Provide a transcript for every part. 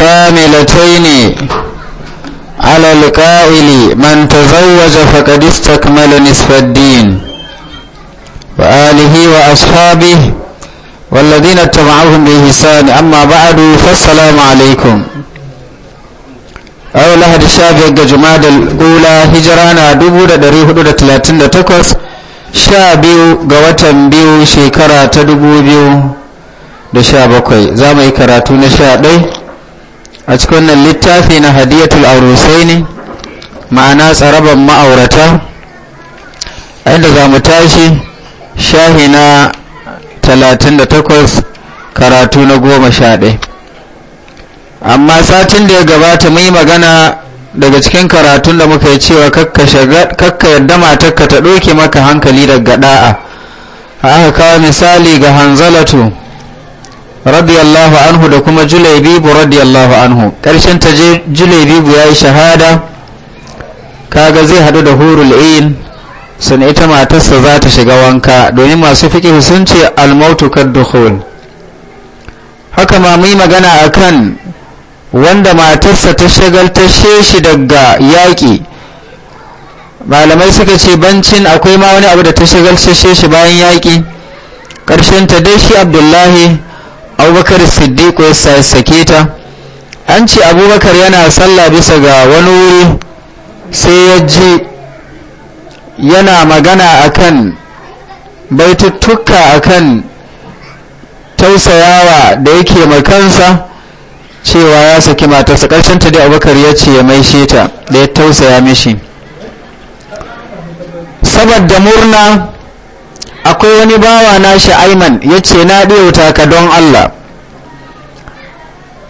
كاملتين على القائل من تزوج فقد استكمل نصف الدين وآله وأصحابه والذين اتبعوهم بإحسان أما بعد فالسلام عليكم أو لهد يقى جماد الأولى هجرانا دبو دا دريه دا تلاتين دا تكوس شابيو غواتن بيو شيكرا تدبو بيو da sha bakwai za mu yi a cikin wannan littafi na hadiyatul aurusai ne ma'ana tsaraban ma'aurata a inda za mu tashi shahi na 38 karatu na 11 amma satin da ya gabata mu yi magana daga cikin karatun da muka yi cewa kakka yadda matakka ta ɗauke maka hankali daga da'a a aka kawo misali ga hanzalatu radiyallahu anhu da kuma julaibibu radiyallahu anhu ƙarshen ta julaibibu ya yi shahada kaga zai hadu da hurul ain sun ita matarsa za ta shiga wanka domin masu fiƙi sun ce almautu kaddukhul haka ma mu yi magana akan wanda matarsa ta shagaltashe shi daga yaƙi malamai suka ce bancin akwai ma wani abu da ta shagaltashe shi bayan yaƙi ƙarshen ta dai shi abdullahi abubakar siddiqu ya sake ta an ce abubakar yana sallah bisa ga wani wuri sai ya ji yana magana akan baituttuka akan tausayawa da yake makansa cewa ya saki matarsa ƙarshen ta dai abubakar ya ce ya mai ta da ya tausaya mishi saboda murna akwai wani bawa shi aiman ya ce na ɗewuta ka don Allah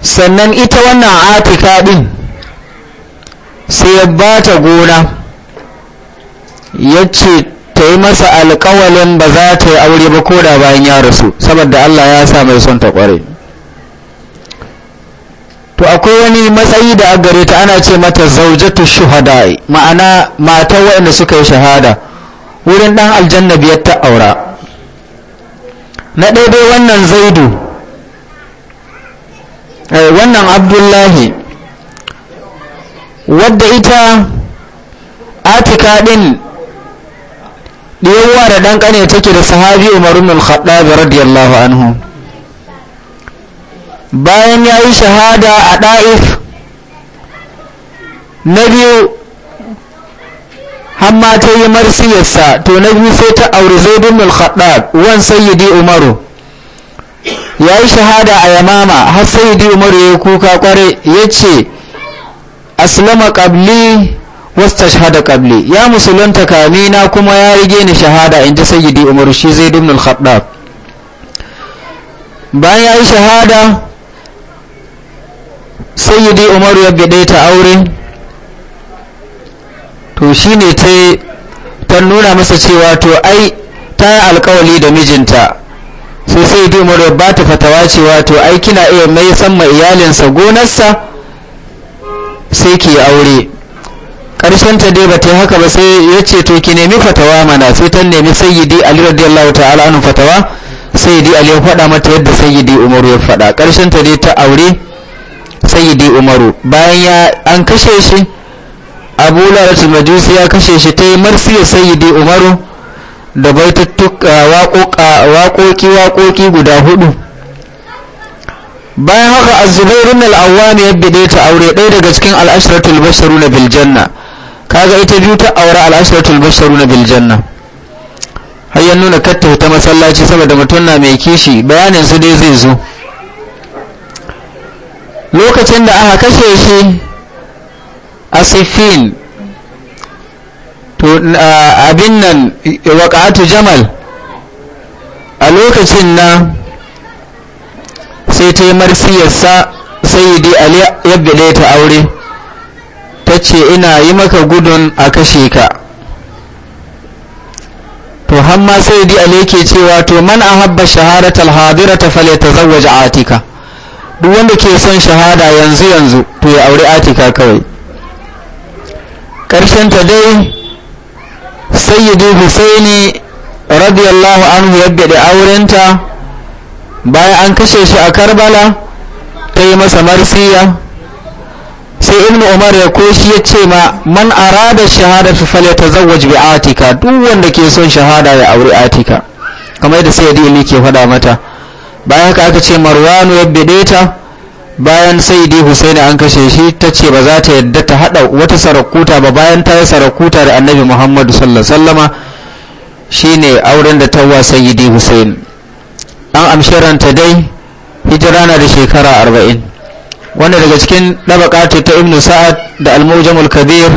sannan ita wannan atika ɗin sai ya ba ta gona ya ce ta yi masa alkawalin ba za ta yi aure ba ko da bayan ya rasu saboda Allah ya sa mai son ta kware to akwai wani matsayi da a ta ana ce mata zaujatu shuhada ma'ana matan waɗanda suka yi shahada wurin ɗan aljanna biyar ta aura na ɗaiɗai wannan zaidu eh, wannan abdullahi wadda ita atika ɗin ɗiyarwa da ɗan ƙane take da sahabi umarun al da radiyallahu anhu bayan ya yi shahada a ɗa'if na biyu hamma ta yi marsiyarsa to na biyu sai ta auri zaidun al wan sayyidi umaru ya yi shahada a yamama har sayyidi umaru ya kuka kware ya ce aslama qabli shahada kabli ya musulunta kamina kuma ya rige ni shahada in ji sayyidi umaru shi zaidun al bayan ya yi shahada sayyidi umaru ya gade ta aure to shi ne ta nuna masa cewa to ai ta yi alkawali da mijinta sai sai di umar ba ta fatawa cewa to ai kina iya mai san ma iyalinsa gonarsa sai ki aure ta dai ba ta haka ba sai ya ce to ki nemi fatawa mana sai ta nemi sayyidi ali radiyallahu ta'ala anhu fatawa sayyidi ali ya faɗa mata yadda sayyidi umaru ya faɗa ta dai ta aure sayyidi umaru bayan ya an kashe shi abu lalata majusi ya kashe shi ta yi marsiyar sayyidi umaru da baitattuka waƙoƙi-waƙoƙi guda hudu bayan haka azubairun ne ya bide ta aure ɗaya daga cikin al'ashiratul basharu na biljanna kaga ita biyu ta aure al'ashiratul basharu na biljanna har ya nuna katta ta masallaci saboda mutum na mai kishi bayanin su dai zai zo lokacin da aka kashe shi a siffin to abin nan waƙatu jamal a lokacin na. sai ta yi marsiyarsa sayyidi ali yadda ta aure ta ce ina yi maka gudun a kashe ka to hamma sayyidi ali ke cewa to man a habba ahabba ta ta falyatazawwaj atika duk wanda ke son shahada yanzu yanzu to ya aure atika kawai karshen ta dai sayyidu husaini radiyallahu anhu ya gade aurenta bayan an kashe shi a karbala ta yi masa marsiya sai ibnu umar ya koshi ya ce ma man arada shahada fi fal yatazawwaj bi atika duk wanda ke son shahada ya auri atika kamar da sayyidu ali ke faɗa mata bayan haka aka ce marwanu ya bide ta bayan saidi hussein husaini an kashe shi ta ce ba za ta yadda ta haɗa wata sarakuta ba bayan ta yi sarakuta da annabi muhammadu sallama shine auren da ta wasa yidi an amshi ranta dai hijira na da shekara arba'in wanda daga cikin ɗabaƙatu ta ibnu sa'ad da almujamul kabir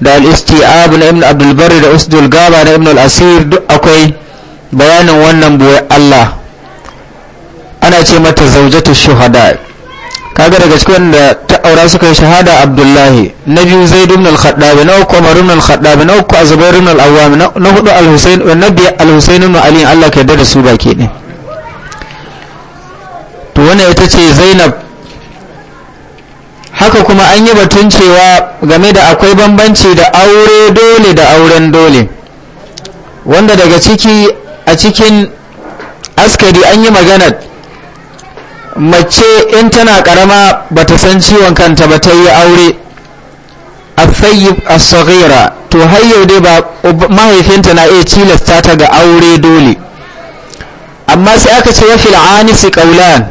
da al-istiab na ibnu abdulbari da usdul gaba na ibnu al-asir duk akwai bayanin wannan buwai allah ana ce mata zaujatu shuhada kaga daga cikin wanda ta aura suka yi shahada abdullahi na biyu zai ibn al-khattab na uku umar na al na uku zubar na al-awwam na hudu al wani wa nabi al na aliyu Allah ka yarda da su baki ne to wani ita ce zainab haka kuma an yi batun cewa game da akwai bambanci da aure dole da auren dole wanda daga ciki a cikin askari an yi maganar mace in tana karama bata san ciwon kanta ba ta yi aure a fayyib a tsagira to har yau dai ba mahaifinta na iya cilasta ta ga aure dole amma sai aka ce wa fil anisi kaulan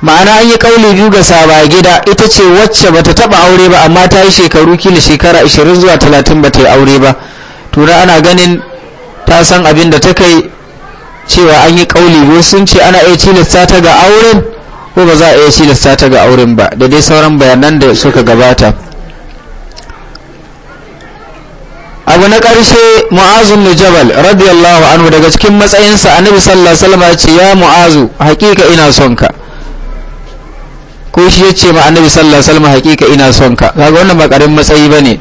ma'ana an yi kauli biyu ga saba gida ita ce wacce bata taba aure ba amma ta yi shekaru kila shekara 20 zuwa 30 bata yi aure ba to ana ganin ta san abin da ta kai cewa an yi kauli ko sun ce ana iya tilasta ta ga auren ko ba za a iya tilasta ta ga auren ba da dai sauran bayanan da suka gabata abu na ƙarshe mu'azun na jabal radiyallahu anhu daga cikin matsayinsa annabi sallallahu alaihi wasallam ya ce ya mu'azu hakika ina son ka ko shi ya ce ma annabi sallallahu alaihi wasallam hakika ina son ka kaga wannan ba ƙarin matsayi bane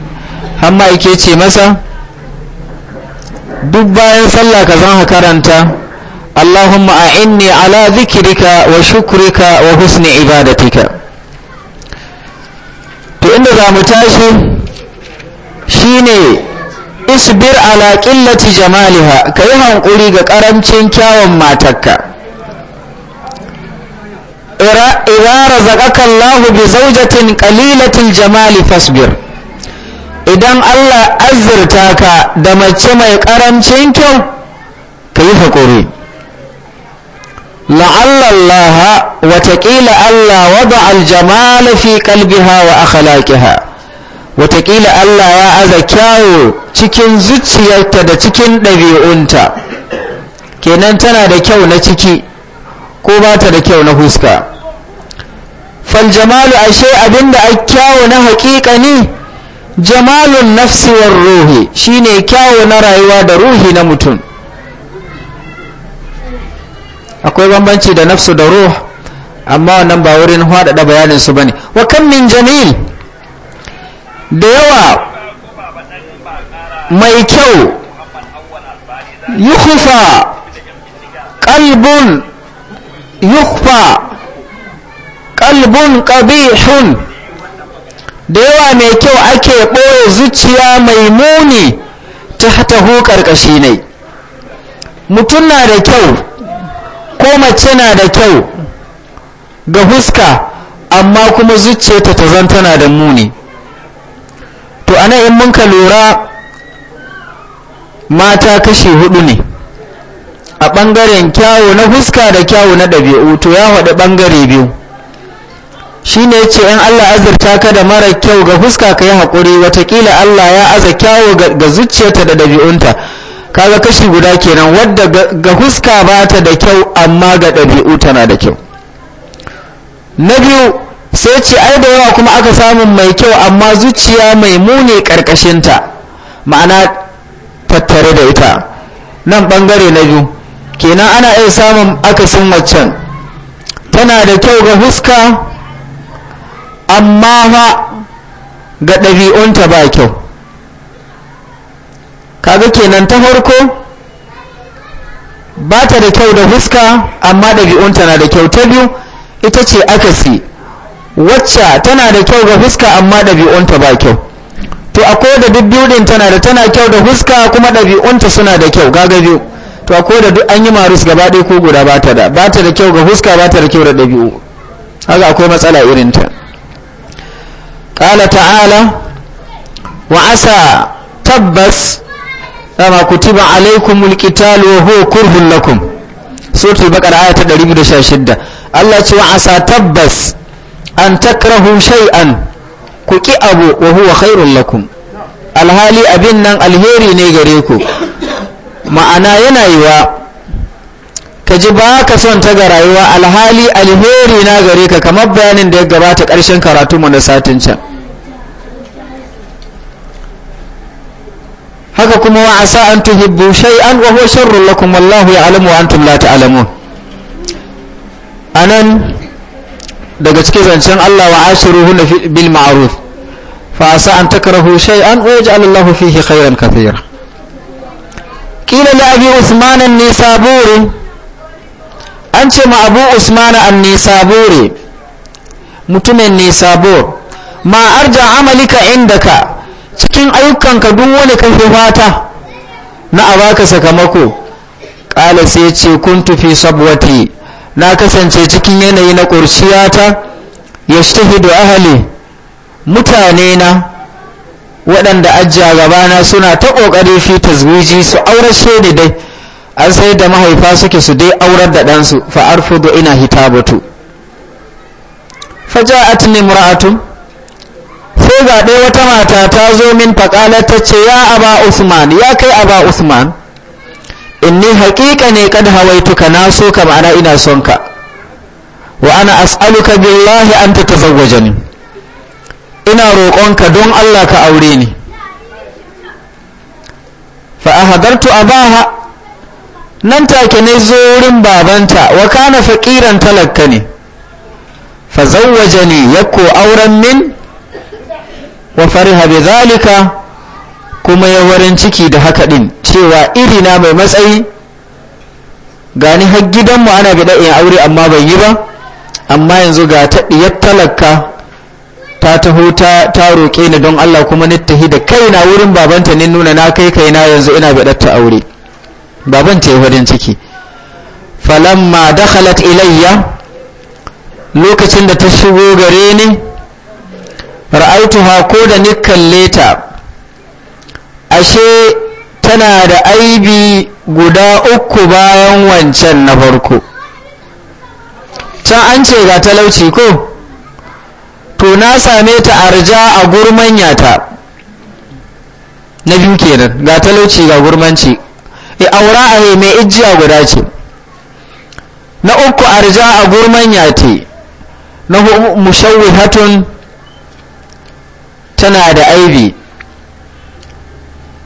har ma yake ce masa duk bayan sallah ka zan karanta اللهم أعني على ذكرك وشكرك وحسن عبادتك فإن ذا متاشي شيني isbir ala qillati jamaliha kai hankuri ga karancin kyawun matarka idza razaqaka Allah bi zawjatin qalilatil jamali fasbir idan Allah azirta ka da mace mai ƙarancin kyau kai hakuri la'allallaha Wataƙila Allah wada aljamala fi kalbiha wa akhlaqiha Wataƙila Allah ya aza kyawo cikin zuciyarta da cikin ɗabi'unta kenan tana da kyau na ciki ko ba ta da kyau na huska faljamalu ashe abinda a kyawo na haƙiƙa ni? jamalun nafsi war ruhi shine kyawo na rayuwa da ruhi na mutum akwai bambanci da nafsu da ruh amma wannan ba wurin haɗaɗa bayanin su bane wa kan min jamil da yawa mai kyau yukufa kalbun yukufa kalbun ƙabihun da yawa mai kyau ake ɓoye zuciya mai muni ta hatahu ƙarƙashi ne mutum na da kyau ko mace na da kyau ga huska amma kuma zuciyarta ta zan tana da muni to anan in mun ka lura mata kashi hudu ne a ɓangaren kyawu na huska da kyawu na ɗabi'u to ya haɗu ɓangare biyu shi ne ce in allah azurta ka da mara kyau ga huska ka yi haƙuri watakila allah ya aza kyawu ga zuciyarta da ɗabi'unta kaga kashi guda kenan wadda ga huska ba ta da kyau amma ga ɗabi'u tana da kyau na biyu sai ce ai da yawa kuma aka samu mai kyau amma zuciya mai muni ƙarƙashinta ma'ana tattare da ita nan ɓangare na biyu kenan ana iya samun akasin waccan tana da kyau ga huska amma ga ɗabi'unta ba kyau kaga kenan ta farko ba ta da kyau da fuska amma ɗabi'unta na da kyau ta biyu ita ce akasi wacce tana da kyau ga fuska amma ɗabi'unta ba kyau to akwai da duk biyudin tana da tana kyau da fuska kuma ɗabi'unta suna da kyau gaga biyu to akwai da duk an yi marus gaba ɗaya ko guda ba ta da ba ta da kyau ga fuska ba ta da kyau da ɗabi'u haka akwai matsala irin ta ƙala ta'ala wa asa tabbas kama kutiba alaikumul qital wa huwa kurhun lakum suratul baqara aya ta Allah ce wa asa tabbas an takrahu shay'an ku ki abu wa huwa khairul lakum alhali abin nan alheri ne gare ku ma'ana yana yiwa ka ji ba ka son ta ga rayuwa alhali alheri na gare ka kamar bayanin da ya gabata karshen karatu mu na satin can haka kuma wa asa an tuhibbu shay'an wa huwa sharrun lakum wallahu ya'lamu wa antum la ta'lamun anan daga cikin zancen Allah wa ashiruhu bil ma'ruf fa asa an takrahu shay'an wa yaj'al Allahu fihi khayran kathira qila li abi usman an-nisaburi an ce ma abu usman an-nisaburi mutumin nisabur ma arja amalika indaka cikin ayyukanka duk wani kake fata na a baka sakamako ƙala sai ce kuntu fi sabwati na kasance cikin yanayi na ƙurciyata ya da ahali mutane na waɗanda ajiya gabana suna ta ƙoƙari fi taswiji su aurashe ni dai an sai da mahaifa suke su dai aurar da ɗansu da ina hita hitabatu faja'atni mura'atun sai ga ɗaya wata mata ta zo min faƙalar ta ce ya aba usman ya kai aba usman in ni haƙiƙa ne hawaitu hawaituka na so ka ma'ana ina son ka wa ana as'aluka billahi an ta tazawwaje ni ina roƙonka don Allah ka aure ni fa a baha. nan take ne zo wurin babanta wa kana faqiran talakka ne fa zawwajani yakko auren min wa fariha bi zalika kuma ya warin ciki da haka din cewa iri na mai matsayi gani har mu ana gida in aure amma bai yi ba amma yanzu ga ta talaka ta taho ta ta roƙe ni don Allah kuma ni tahi da kaina wurin babanta ne nuna na kai kaina yanzu ina ga ta aure baban ta yi warin ciki falamma dakhalat ilayya lokacin da ta shigo gare ni ra'aituha ko da ni kalle ta ashe tana da aibi guda uku bayan wancan na farko can an ce ga talauci ko to na same ta arja a gurmanya ta na biyu kenan ga talauci ga gurmanci e aura a mai ijiya guda ce na uku arja a gurmanya te na mushawwihatun hatun tana da aibi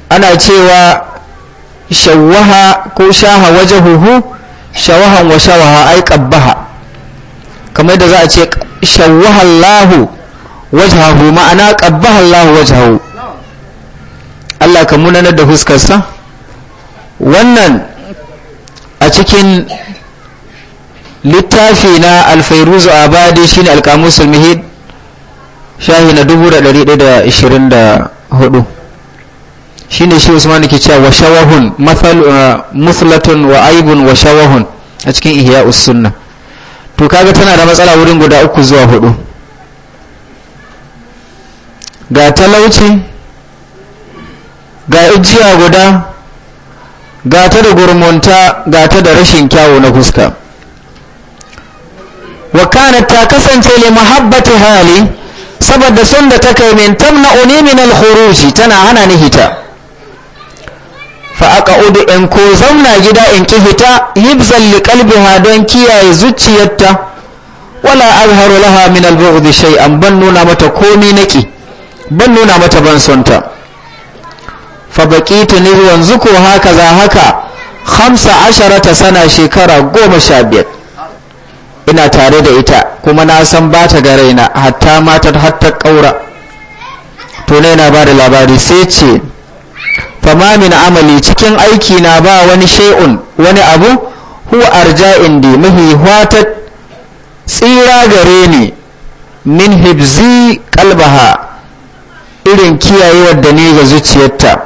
ana cewa shawaha ko shaha huhu shawahan wa shawaha ai qabbaha kamar da za a ce shawaha Allahu wajhahu ma'ana lahu Allahu wajhahu Allah ka munanar da huskarsa wannan a cikin littafi na alfairuzu abadi shine alkamusul muhid shahi na dubu da da da shine shi Usman ke cewa washawahun musulatun uh, wa aibun washawahun a cikin ihya usunna to kaga tana da matsala wurin guda uku zuwa hudu ga talauci ga ijiya guda ga ta da gurmunta ga ta da rashin kyawu na fuska wa ta kasance le mahabbatu hali saboda sun da ta kai min tamna uni min al-khuruji tana hana ni hita fa aka udu in ko zauna gida in ki hita yibzal li qalbiha don kiyaye zuciyarta wala azharu laha min al-bughd shay'an ban nuna mata komi naki ban nuna mata ban sonta fa baqitu ni wanzu ko haka za haka 15 sana shekara 15 ina tare da ita kuma na san ba ta ga raina hatta matar hatta ƙaura to ne na ba da labari sai ce fama min amali cikin aiki na ba wani she'un wani abu huwa arja indi muhi wata tsira gare ni min hibzi kalbaha irin kiyayewar da ni ga zuciyarta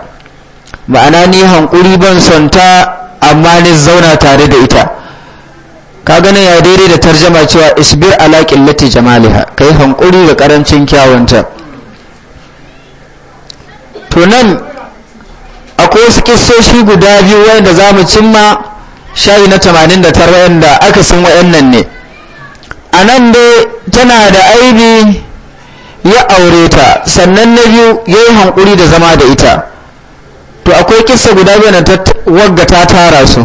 ma'ana ni hankuri ban son ta amma ni zauna tare da ita ka gane ya daidai da tarjama cewa isbir ala qillati jamaliha kai hankuri da karancin kyawunta to nan akwai wasu kissoshi guda biyu wanda za mu cimma shayi na 89 wanda aka san wayannan ne a nan dai tana da aibi ya aure ta sannan na biyu ya yi hankuri da zama da ita to akwai kissa guda biyu na ta wagga ta tara su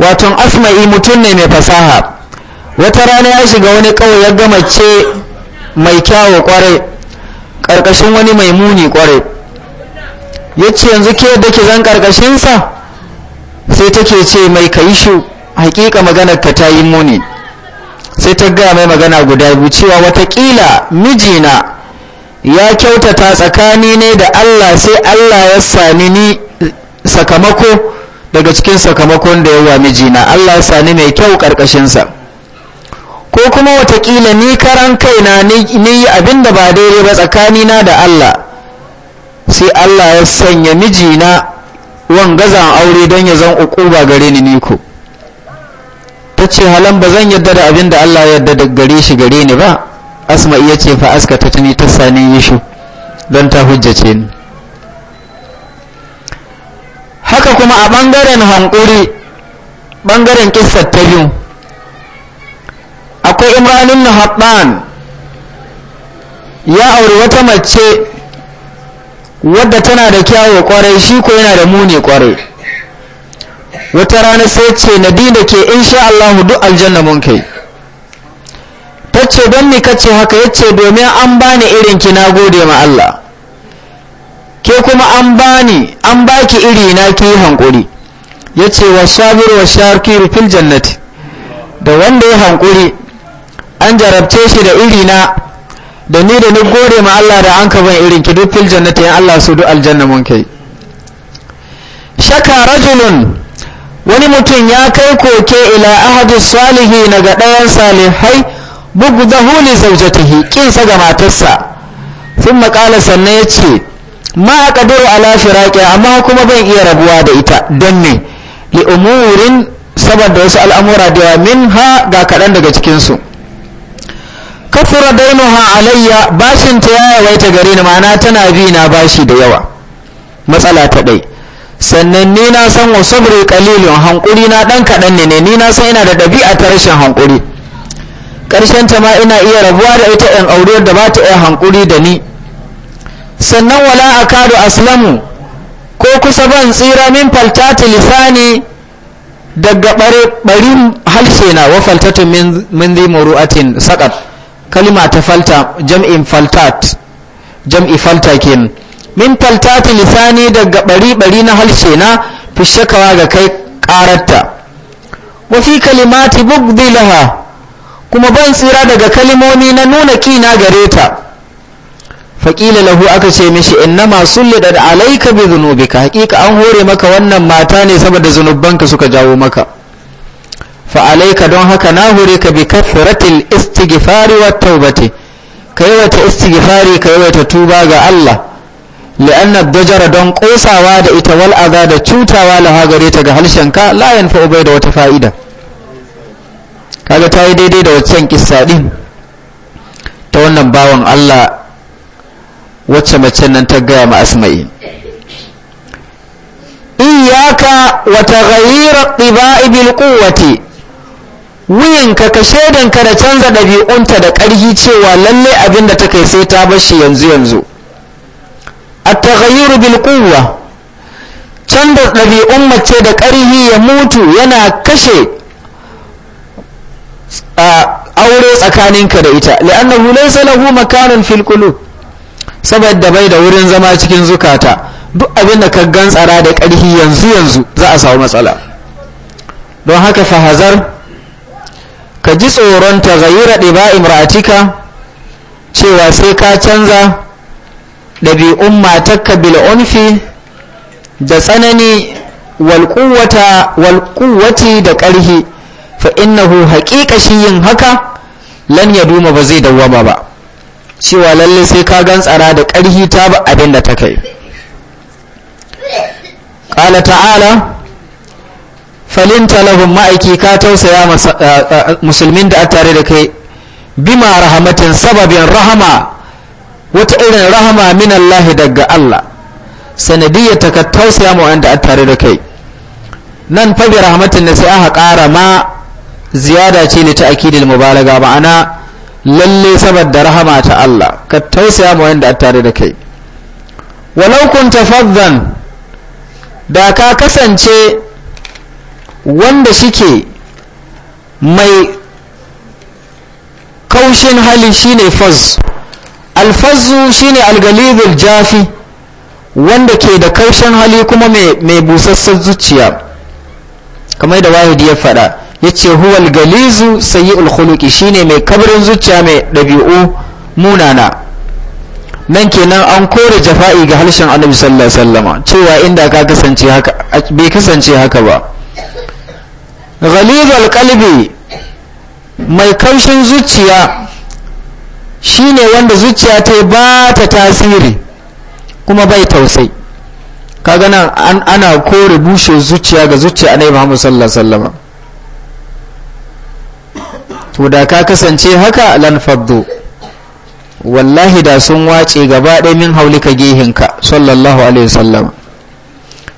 waton asma'i mutum ne mai fasaha wata rana ya shiga wani kawai ya gama ce mai kyawo kwarai ƙarƙashin wani mai muni kwarai ya ce yanzu ke da ke zan ƙarƙashinsa sai take ce mai kayi shi hakika maganar ka ta yi muni sai ta gaya mai magana guda biyu cewa watakila mijina ya kyautata tsakani ne da allah sai allah ya sani ni sakamako daga cikin sakamakon da yawa mijina Allah ya sani mai kyau ƙarƙashinsa ko kuma watakila ni karan kaina ni yi abinda da ba daidai ba tsakanina da Allah sai Allah ya sanya mijina wangazan aure don ya zan ba gare ni niko ta ce halan ba zan yadda da abin Allah ya yadda da gare shi gare ni ba asma iya ce fa aska ta tuni ta sani yishu don ta hujjace ni haka kuma a ɓangaren hankuri ɓangaren kissar ta biyu akwai imranin habban ya auri wata mace wadda tana da kyawo kwarai shi ko yana da muni kwarai wata rana sai ce da ke insha Allah duk aljanna mun kai ta ce don mi kace haka yace domin an bani irin ki na gode ma Allah ke kuma an bani an baki iri na ki hankuri ce wa sabir wa shakir fil jannati da wanda ya hankuri an jarabce shi da iri na da ni da ni gode ma Allah da an ka irin ki duk fil jannati in Allah su duk aljanna mun kai shaka rajulun wani mutum ya kai koke ila ahadu salihi na ga ɗayan salihai bugu da huli zaujatihi kinsa ga matarsa sun makala sannan ya ce ma a ƙadiru ala amma kuma ban iya rabuwa da ita don me li umurin saboda wasu al'amura da yawa min ha ga kaɗan daga cikinsu kafura ha alayya bashin ta ya ta gare ni ma'ana tana bi na bashi da yawa matsala ta ɗai sannan ni na san wa sabri kalilin hankuri na ɗan kaɗan ne ni na san ina da ɗabi'a ta rashin hankuri ƙarshen ta ma ina iya rabuwa da ita in aure da ba ta iya hankuri da ni sannan wala akadu aslamu ko kusa ban tsira min faltati lisani daga barin halshe na wa faltatun min zai muru'atin saƙat kalima ta falta jam'in faltat jam'i falta kin min faltati lisani daga bari-bari na halshe na fi shakawa ga kai ƙararta wafi kalimati bugdi laha kuma ban tsira daga kalimomi na nuna kina gare ta faƙila lahu aka ce mishi masu da alaika bi zunubi ka haƙiƙa an hore maka wannan mata ne saboda zunubanka suka jawo maka fa alaika don haka na hore ka bi kathratil istighfari wat taubati kai wata istighfari kai wata tuba ga Allah li'anna dajara don ƙosawa da ita wal'aza da cutawa laha gare ta ga halshenka la da wata fa'ida kaga ta yi daidai da waccan kisa din ta wannan bawan Allah wacce mace nan ta gaya ma asma'i iyaka wa taghayyir tiba'i bil quwwati wuyanka ka shaidan ka da canza ɗabi'unta da ƙarfi cewa lalle abin da ta kai sai ta bar shi yanzu yanzu at taghayyir bil quwwa canza ɗabi'un mace da ƙarfi ya mutu yana kashe aure tsakaninka da ita li'annahu laysa lahu makanan fil qulub saboda bai da wurin zama cikin zukata duk abin da ka gantsara da ƙarfi yanzu yanzu za a samu matsala don haka fahazar ka ji tsoron ta gayyura ɗiba imratika cewa sai ka canza ɗabi'un matakka bil'unfi da tsanani walƙuwati da ƙarhi fa innahu haƙiƙa shi yin haka lan duma ba zai dawwama ba cewa lalle sai ka gan tsara da ƙarhi ta ba abin da ta kai ƙala ta'ala falinta lahun ma'aiki ka tausaya musulmin da a tare da kai bima rahamatin sababin rahama wata irin rahama min Allah daga Allah sanadiyya ta ka tausaya ma wanda a tare da kai nan fabi rahamatin da sai aka ƙara ma ziyada ce ne ta akidil mubalaga ma'ana lalle saboda rahama ta Allah ka tausaya ma wanda a tare da kai walau kun tafaddan da ka kasance wanda shike mai kaushin hali shine faz alfazu shine algalibul jafi wanda ke da kaushin hali kuma mai busassar zuciya kamar da wahidi ya faɗa ya ce huwal galizu sayyi'ul shi shine mai kabarin zuciya mai ɗabi'u munana nan kenan an kore jafa'i ga harshen annabi sallallahu alaihi wasallam cewa inda ka kasance haka bai kasance haka ba ghalizul qalbi mai kaushin zuciya shine wanda zuciya ta ba ta tasiri kuma bai tausayi kaga nan ana kore bushe zuciya ga zuciya annabi Muhammad sallallahu alaihi to da ka kasance haka lan faddu wallahi da sun wace gaba ɗaya min haulika ka sallallahu alaihi wasallam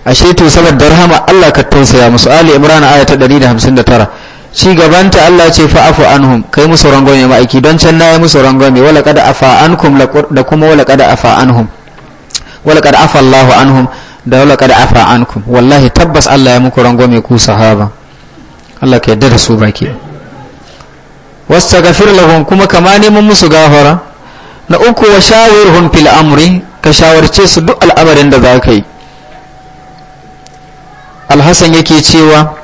ashe to saboda rahama Allah ka tausaya musu ali imran aya ta 159 ci gabanta Allah ce fa afu anhum kai musu rangwame ma'aiki don can na yi musu rangwame wala kada afa ankum da kuma wala kada afa anhum wala kada afa Allah anhum da wala kada afa ankum wallahi tabbas Allah ya muku rangwame ku sahaba Allah ka yarda da su baki wastaghfir lahum kuma kama neman musu gafara na uku wa hun fil amri ka shawarce su duk al'amarin da za ka yi alhassan yake cewa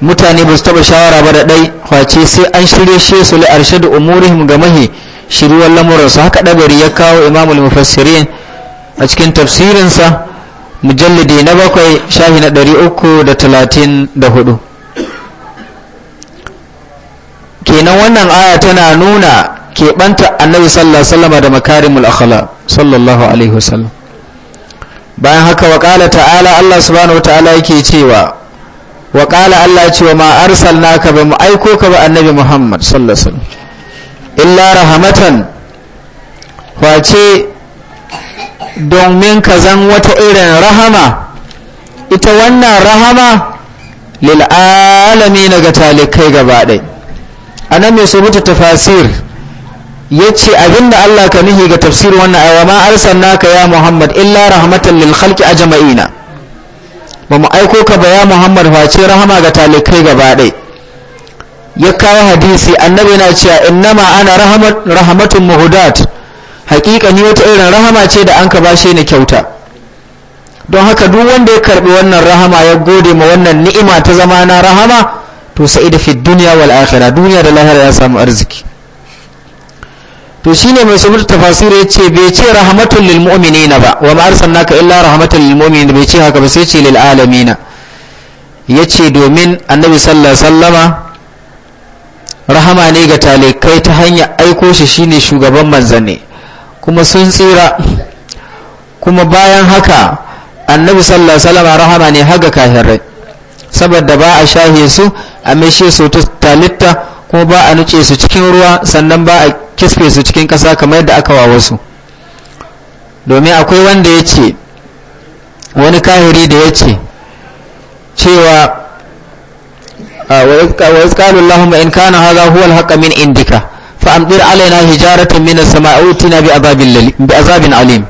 mutane ba su taba shawara ba da ɗai face sai an shirye shi su li arshe da umurihim ga mahi shiruwar lamuransu haka ɗabari ya kawo imamul mufassirin a cikin tafsirinsa mujallidi na bakwai shahi na ɗari uku da talatin da hudu kenan wannan aya tana nuna keɓanta annabi sallallahu alaihi wasallam da makarimul akhla sallallahu alaihi wasallam bayan haka wa qala ta'ala Allah subhanahu wataala yake cewa wa qala Allah wa ma arsalnaka ba mu aiko ka ba annabi Muhammad sallallahu alaihi wasallam illa rahmatan face domin ka zan wata irin rahama ita wannan rahama lil alamin ga talikai gaba ɗaya a nan mai subuta tafasir ya ce abinda Allah ka nihi ga tafsir wannan ayawa ma arsalna naka ya Muhammad illa rahmatan lil khalqi ajma'ina ba mu aiko ka ba ya Muhammad face rahama ga talikai gaba ɗaya ya kawo hadisi annabi yana cewa innama ana rahmatun muhudat hakika ni wata irin rahama ce da an ka bashe ni kyauta don haka duk wanda ya karbi wannan rahama ya gode ma wannan ni'ima ta zama na rahama to da fi duniya wal akhirah duniya da lahira ya samu arziki to shine mai sabur tafasir yace bai ce rahmatul lil mu'minina ba wa ma arsalnaka illa rahmatul lil mu'minina bai ce haka ba sai ce lil alamina yace domin annabi sallallahu alaihi wasallama rahama ne ga talikai ta hanya aiko shi shine shugaban manzane kuma sun tsira kuma bayan haka annabi sallallahu alaihi wasallama rahama ne haga kafirai saboda ba a shahe su a mishe su ta talitta kuma ba a nuce su cikin ruwa sannan ba a kisfe su cikin kasa kamar yadda aka wa wasu domin akwai wanda ya ce wani kahiri da ya ce cewa ah, wa isƙalu Allahumma in kana haza huwal haƙa min indika fa amdir alaina hijaratan min as-sama'i utina bi azabin alim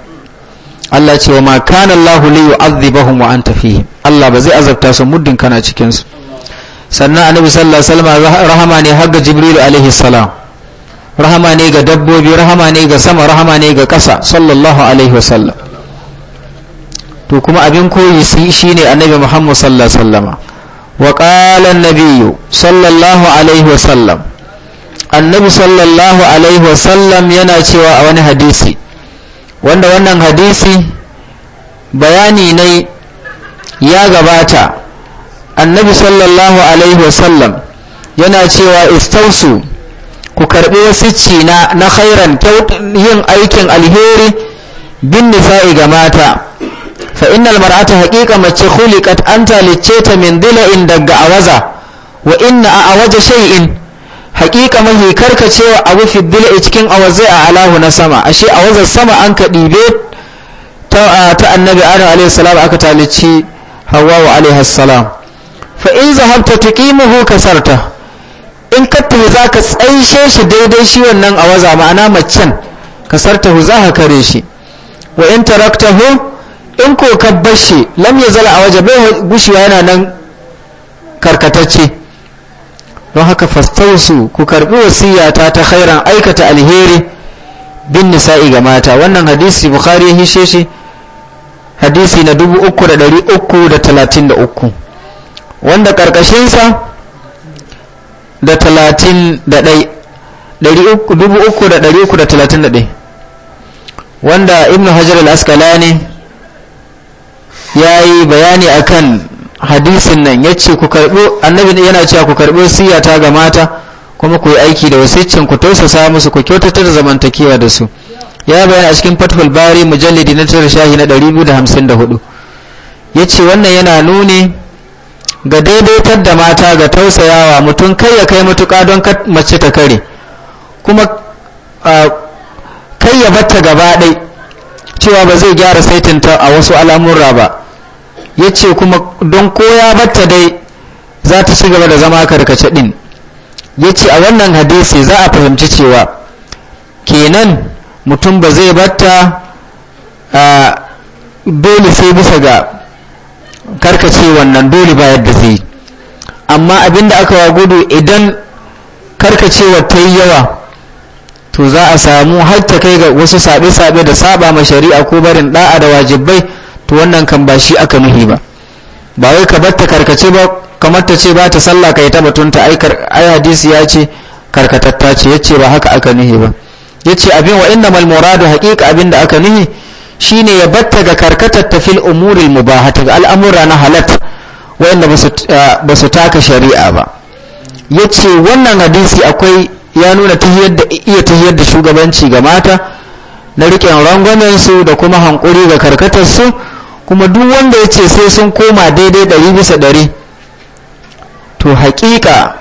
Allah ce wa ma kana Allah li yu'adhibahum wa anta fihi Allah ba zai azabta su muddin kana cikin su sannan annabi sallallahu alaihi wasallam rahama ne har ga jibril alaihi salam rahama ne ga dabbobi rahama ne ga sama rahama ne ga ƙasa sallallahu alaihi wasallam to kuma abin koyi shine annabi muhammad sallallahu alaihi wasallam wa qala an sallallahu alaihi wasallam annabi sallallahu alaihi wasallam yana cewa a wani hadisi wanda wannan hadisi bayani ne ya gabata annabi sallallahu alaihi wasallam yana cewa istausu ku karbi wasu na na khairan yin aikin alheri bin nisa'i ga mata fa innal mar'ata haqiqa mace khuliqat an talicce ta min dila'in daga awaza wa inna a awaja shay'in haƙiƙa mahi karkacewa abu fiddila cikin awaze a alahu na sama ashe a wazar sama an ka ɗibe ta annabi adam alaihi salam aka talici hawawa alaihi salam fa in zahabta tuqimuhu kasarta in ka za ka tsaishe shi daidai shi wannan a waza ma'ana macen hu za ka kare shi wa in tarakta hu in ko ka bar shi zala a waje bai gushewa yana nan karkatacce don haka fastausu ku karbi wasiyata ta khairan aikata alheri bin nisa'i ga mata wannan hadisi bukhari ya hishe shi hadisi na 3333 wanda karkashinsa da 31 331 wanda ibnu hajar al-asqalani ya yi bayani akan hadisin nan ya ce ku karɓo annabi yana cewa ku karɓo siyata ga mata kuma ku yi aiki da wasiccin ku tausasa musu ku kyautata da zamantakewa da su ya bayyana a cikin fathul bari mujallidi na tara shahi na 254 ya ce wannan yana nuni ga daidaitar da mata ga tausayawa mutum kai ya kai matuƙa don mace ta kare kuma kai ya batta gaba ɗai cewa ba zai gyara saitinta a wasu al'amurra ba ya ce kuma don koya batta dai za ta ci gaba da zama karkace ɗin ya ce a wannan hadisi za a fahimci cewa kenan mutum ba zai batta a dole sai bisa ga karkace wannan dole ba yadda zai amma abinda aka wa gudu idan karkacewa ta yi yawa to za a samu har ta kai ga wasu sabe-sabe da saba ma shari'a ko barin da'a da wajibai to wannan kan ba shi aka nuhi ba ba wai ka batta karkace ba kamar ta ce ba ta sallah kai ta batunta aikar ai hadisi ya ce karkatatta ce yace ba haka aka nuhi ba yace abin wa innamal muradu haqiqa abin da aka nuhi shine ya batta ga karkatar ta fil umuril mubahata ga al'amura na halat inda eh, ba su taka shari'a ba yace wannan hadisi akwai ya nuna ta yadda iya ta da shugabanci ga mata na riƙe rangwamen su da kuma hankuri ga karkatar su kuma duk wanda ya ce sai sun koma daidai ɗari bisa ɗari to haƙiƙa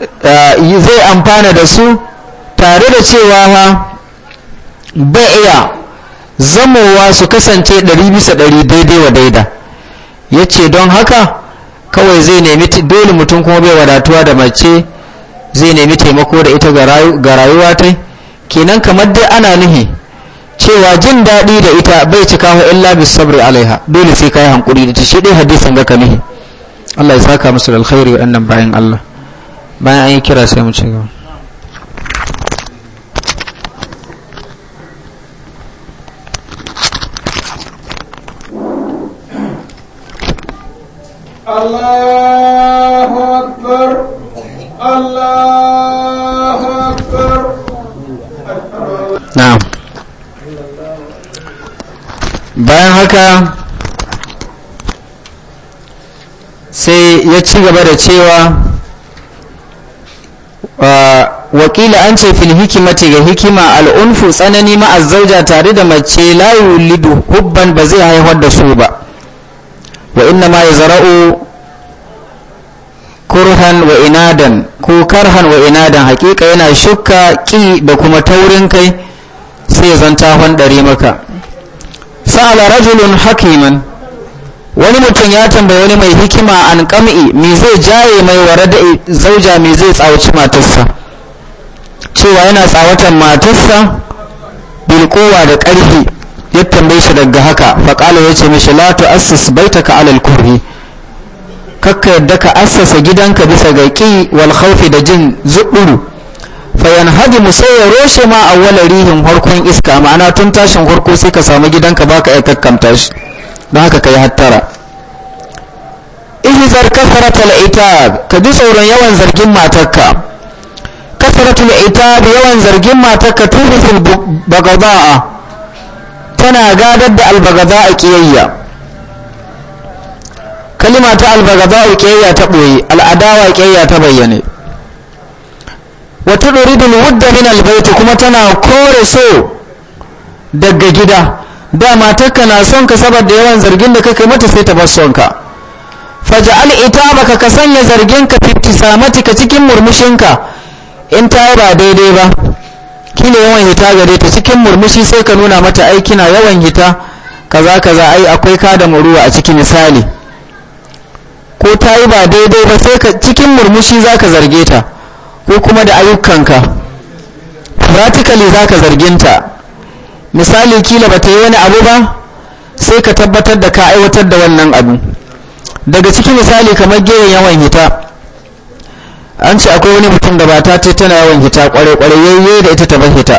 eh, zai amfana da su tare da cewa ma baya iya zamowa su kasance ɗari bisa ɗari daidai wa daida ya ce don haka kawai zai nemi dole mutum kuma bai wadatuwa da mace zai nemi taimako da ita ga rayuwa ta kenan kamar dai ana nuhi cewa jin daɗi da ita bai cika wa illa bi sabri alaiha dole sai kai hankuri da ta shi dai hadisin ga kanihi Allah ya saka musu da alkhairi waɗannan bayan Allah bayan an yi kira sai mu ci gaba Allah bayan haka sai ya ci gaba da cewa ah, wakila an ce fil ce ga hikima al'unfu tsanani ma'azzauja tare da mace layu lidu hubban ba zai haihuwar da su ba wa inna ma ya zara'u kurhan wa inadan ko karhan wa inadan hakika yana shukka ki da kuma taurin kai sai zan ta ɗari maka sa'ala rajulun hakiman wani mutum ya tambayi wani mai hikima an kam'i me zai jaye mai radai zauja me zai tsawaci matarsa cewa yana tsawatan matarsa bilkowa da ƙarfi ya tambaye shi daga haka faƙala ya ce mishi la bai ta alal kurhi kakka yadda ka assasa gidanka bisa ga ƙi wal da jin zuɗuru fayan hadi mu sai ya roshe ma a wala rihin harkon iska ma'ana tun tashin harko sai ka samu gidanka ka ya kakkamta shi don haka ka yi hattara ihizar kasaratul ita ka ji sauran yawan zargin matarka kasaratul da yawan zargin matarka tuhisul bagada'a tana gadar da albagada'a kiyayya kalima ta albagada'a kiyayya ta ɓoye al'adawa kiyayya ta bayyane wata tudridul wudda min albaiti kuma tana kore so daga gida da matarka na son ka saboda yawan zargin da kai mata sai ta bar son ka faj'al itaba ka sanya zargin ka ka cikin murmushinka in ta ba daidai ba kila yawan hita gare ta cikin murmushi sai ka nuna mata ai kina yawan hita kaza kaza ai akwai kada muruwa a cikin misali ko tayi ba daidai ba sai ka cikin murmushi zaka ka zarge ta ko kuma da ayyukanka practically za ka zarginta misali kila ba ta yi wani abu ba sai ka tabbatar da ka aiwatar da wannan abu daga cikin misali kamar gerin yawan hita an ce akwai wani mutum da ba ta ce tana yawan hita kware-kware yayye da ita ta hita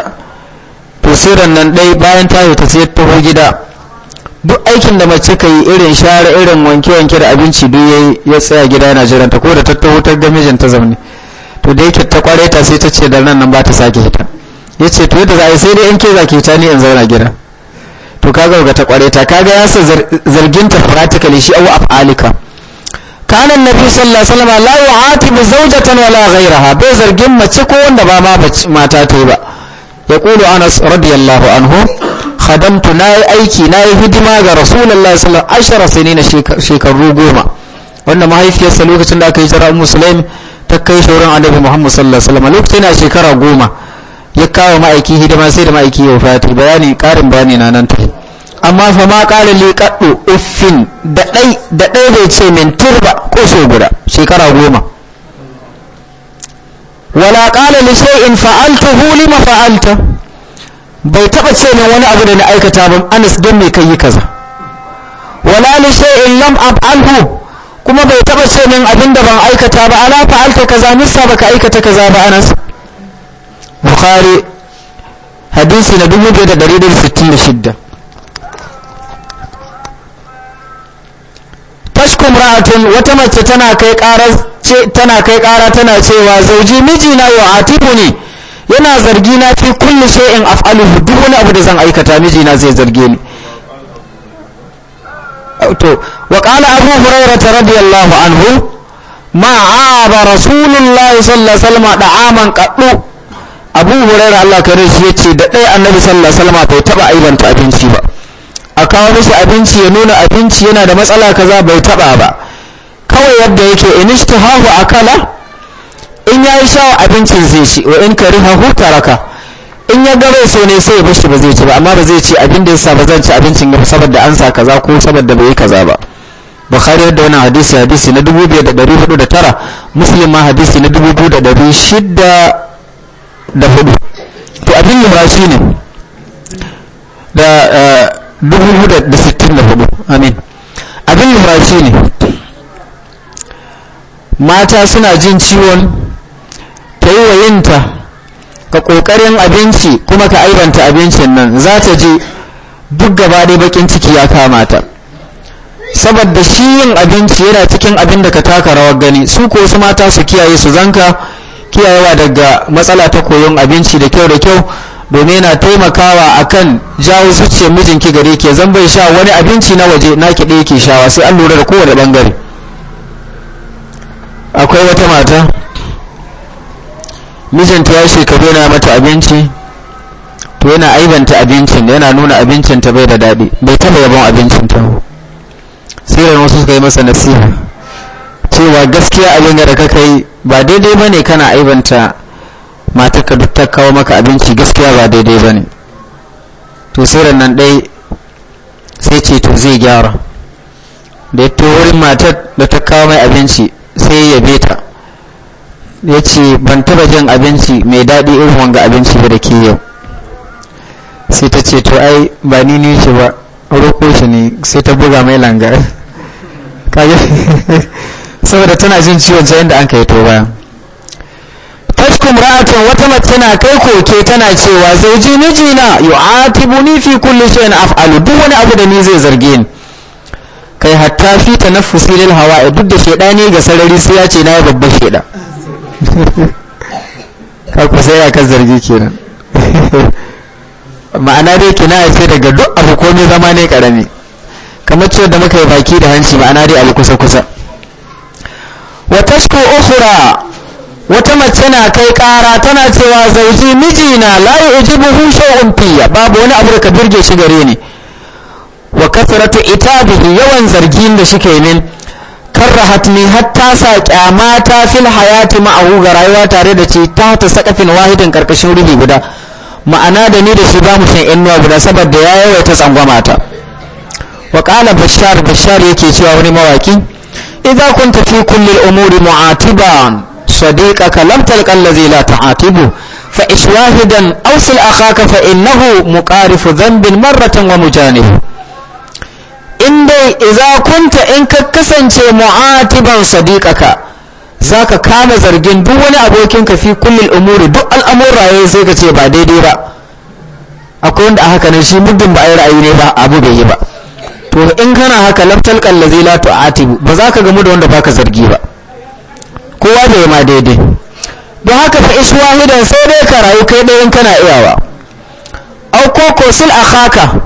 to siran nan dai bayan ta hita sai taho gida duk aikin da mace ka yi irin share irin wanke-wanke da abinci duk ya tsaya gida na jiranta ko da ta ta ga mijinta zaune to da yake ta kware ta sai ta ce da nan nan ba ta sake hita ya ce to yadda za a yi sai dai yanke ke za ta ni in zauna gida to ka ga ta kware ta ga ya sa zarginta practically shi awu af'alika kana nabi sallallahu alaihi wasallam la bi zawjatin wala ghayraha bai zargin mace ko wanda ba ma mata ta yi ba yaqulu anas radiyallahu anhu khadamtu nayi aiki nayi hidima ga rasulullahi sallallahu alaihi wasallam ashara sinina shekaru goma wanda mahaifiyarsa lokacin da aka yi jira ummu ta kai shi wurin annabi muhammad sallallahu alaihi wasallam lokacin a shekara goma ya kawo ma'aiki hidima sai da ma'aiki ya wafati bayani karin bayani na nan ta amma fa ma kala li kaddu uffin da dai da dai bai ce min turba ko so guda shekara goma wala kala li shay'in fa'altuhu lima fa'alta bai taba ce min wani abu da na aikata ba anas don me kai kaza wala li shay'in lam af'alhu kuma bai taba ce min abin da ban aikata ba ala fa'alta kaza nissa baka aikata kaza ba anas bukhari hadisi na 2166 tashkum ra'atun wata mace tana kai ce tana kai ƙara tana cewa zauji mijina wa atibuni yana zargi na fi kulli shay'in af'aluhu duk wani abu da zan aikata mijina zai zarge ni to wa qala abu hurairah radiyallahu anhu ma aba rasulullahi sallallahu alaihi wasallam aman qaddu abu hurairah Allah kare shi yace da dai annabi sallallahu alaihi wasallam bai taba aibanta abinci ba a kawo mishi abinci ya nuna abinci yana da matsala kaza bai taba ba kawai yadda yake a kala in yayi sha abincin zai ci wa in karihahu taraka in ya gare so ne sai ya bashi ba zai ci ba amma ba zai ci abin da yasa ba zan ci abincin ga saboda an sa kaza ko saboda bai kaza ba bukhari yadda wannan hadisi hadisi na 2409 muslim ma hadisi na 2604 to abin ba shi ne da 2064 eh, amin abin ba shi ne mata suna jin ciwon ta yi wa ka ƙoƙarin abinci kuma ka aibanta abincin nan za ta ji duk gaba dai bakin ciki ya kama ta saboda shi yin abinci yana cikin abin da ka taka rawar gani su ko su mata su kiyaye su zanka kiyayewa daga matsala ta koyon abinci da kyau da kyau domin yana taimakawa akan jawo zuciyar mijinki gare ke zan bai sha wani abinci na waje ki ɗaya ke shawa sai an lura da kowane bangare akwai wata mata mijinta ya shekaru yana mata abinci to yana aibanta abincin yana nuna abincin ta bai da daɗi bai taɓa yabon abincin ta sai da wasu suka yi masa nasiha cewa gaskiya abin da ka kai ba daidai ba ne kana aibanta matarka duk ta kawo maka abinci gaskiya ba daidai ba ne to sai nan dai sai ce to zai gyara da ya wurin matar da ta kawo mai abinci sai ya yabe ta ya ce ban taba jin abinci mai daɗi irin wanga abinci ba da ke yau sai ta ce to ai ba ni ne shi ba roko shi ne sai ta buga mai langar saboda tana jin ciwon ta inda an kai to ba tashkum ra'atun wata mace tana kai koke tana cewa zai ji mijina ni fi kulli shay'in af'alu duk wani abu da ni zai zarge ni kai hatta fi tanaffusi lil hawa'i duk da shedani ga sarari sai ya ce na babban sheda ka kusa ya kan zargi kenan ma'ana dai kinaya ce daga duk abu komai zama ne karami kamar ce da muka yi baki da hanci ma'ana dai abu kusa kusa wa tashku ukhra wata mace na kai kara tana cewa zauji mijina la hu shay'un fiya babu wani abu da ka birge shi gare ni wa kasratu itabihi yawan zargin da shike min karrahat hatta sa ta fil hayati ma'ahu ga rayuwa tare da ce ta ta sakafin wahidin karkashin ruhi guda ma'ana da ni da shi ba mu shan inuwa guda saboda ya yawaita tsangwamata wa qala bashar bashar yake cewa wani mawaki idza kunta fi kulli al-umuri mu'atiban sadiqaka lam talqa allazi la ta'atibu fa ishwahidan awsil akhaka fa innahu muqarifu dhanbin marratan wa mujanibu in dai iza kunta in ka kasance mu'atiban sadiqaka zaka kama zargin duk wani abokin ka fi kullul umuri duk al'amuraye sai ka ce ba daidai ba akwai wanda a haka ne shi muddin ba ai ra'ayi ne ba abu bai yi ba to in kana haka lamtal kallazi la tu'atibu ba za ka gamu da wanda baka zargi ba kowa bai ma daidai don haka fa wahidan sai dai ka rayu kai dai in kana iyawa au ko kosil akhaka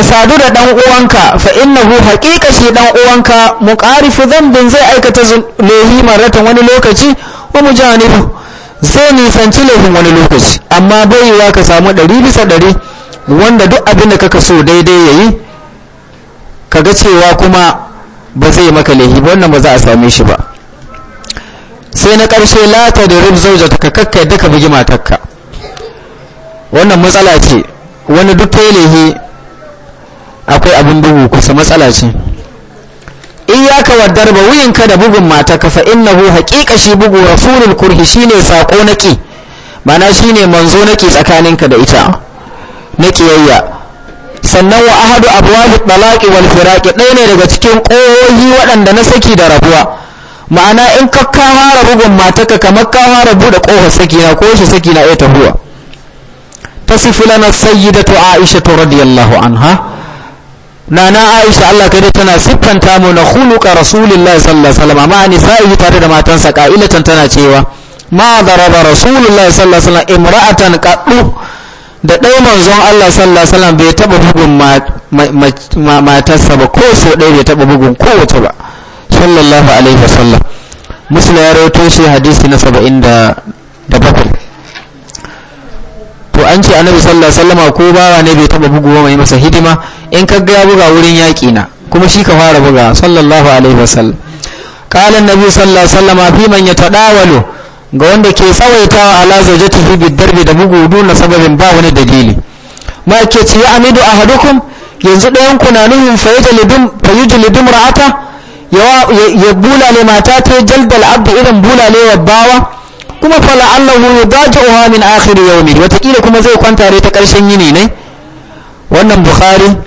ka sadu da dan uwanka fa innahu haqiqa shi dan uwanka muqarifu dhanbin zai aikata lehi maratan wani lokaci wa mujanibu zai nisanci lehin wani lokaci amma wa ka samu ɗari bisa ɗari wanda duk abin da kaka so daidai yayi kaga cewa kuma ba zai maka lehi ba wannan ba za a same shi ba sai na la lata da zaujata ka kakkai duka bugi matarka wannan matsala ce wani duk ta yi lehi akwai abin duhu kusa matsala ce in ya iyaka ba darba wuyinka da bugun mata ka fa hu haqiqa shi bugu rasulul kurhi shine sako naki mana shine manzo naki tsakaninka da ita naki yayya sannan wa ahadu abwabu talaqi wal firaqi ɗaya ne daga cikin ƙohohi waɗanda na saki da rabuwa ma'ana in ka kawara bugun ka kamar kawara buɗe ƙofar saki na ko shi saki na iya tahuwa tasifu lana sayyidatu aisha radiyallahu anha nana aisha Allah kai tana siffanta mu na khuluqa rasulillahi sallallahu alaihi wasallam amma nisa'i tare da matansa qailatan tana cewa ma daraba rasulullahi sallallahu alaihi wasallam imra'atan qaddu da dai manzon Allah sallallahu alaihi wasallam bai taba bugun matarsa ba ko so dai bai taba bugun ko wata ba sallallahu alaihi wasallam muslim ya rawaito shi hadisi na 77 to an ce annabi sallallahu alaihi wasallam ko bawa ne bai taba bugu mai masa hidima in ka ga ya buga wurin yaƙi na kuma shi ka fara buga sallallahu alaihi wasallam qala annabi sallallahu alaihi wasallam fi man yatadawalu ga wanda ke tsawaitawa ala zawjatihi bidarbi da bugu duna sababin ba wani dalili ma yake ci ya amidu ahadukum yanzu ɗayan ku na nuhin fayujlidum ra'ata ya bulale mata ta jaldal abdu irin bulale bawa kuma fala allahu yudajuha min akhir wata watakila kuma zai kwanta ta karshen yini ne wannan bukhari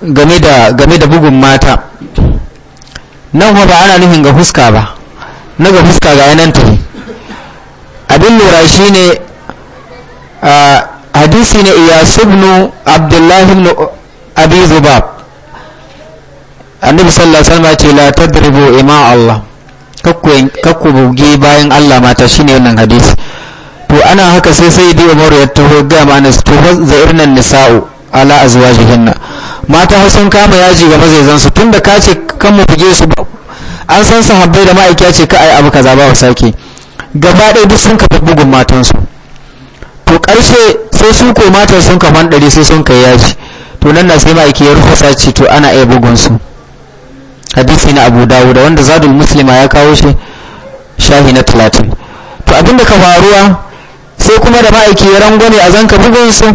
game da bugun mata nan ba ana nufin ga fuska ba na ga fuska ga yanan ta abin lura shi ne hadisi ne iya ibn abdullahi ibn abi zubab annabi sallallahu alaihi wasallam ce la tadribu ima Allah kakku buge bayan Allah mata shine wannan hadisi to ana haka sai sai dai Umar ya tuhu ga mana tuhu zairnan nisa'u ala azwajihinna mata sun kama yaji ga zansu tun da ka ce kan mu buge su an san sahabbai da ma'aikiya ce ka ai abu kaza ba sake gaba ɗaya duk sun kafa bugun matansu to ƙarshe sai su ko matan sun kafa ɗari sai sun kai yaji to nan na sai ma'aiki ya rufa sace to ana iya bugun su hadisi na abu dawud wanda zadul muslima ya kawo shi shahi na talatin to abinda ka faruwa sai kuma da ma'aiki ya rangwame a zanka bugun su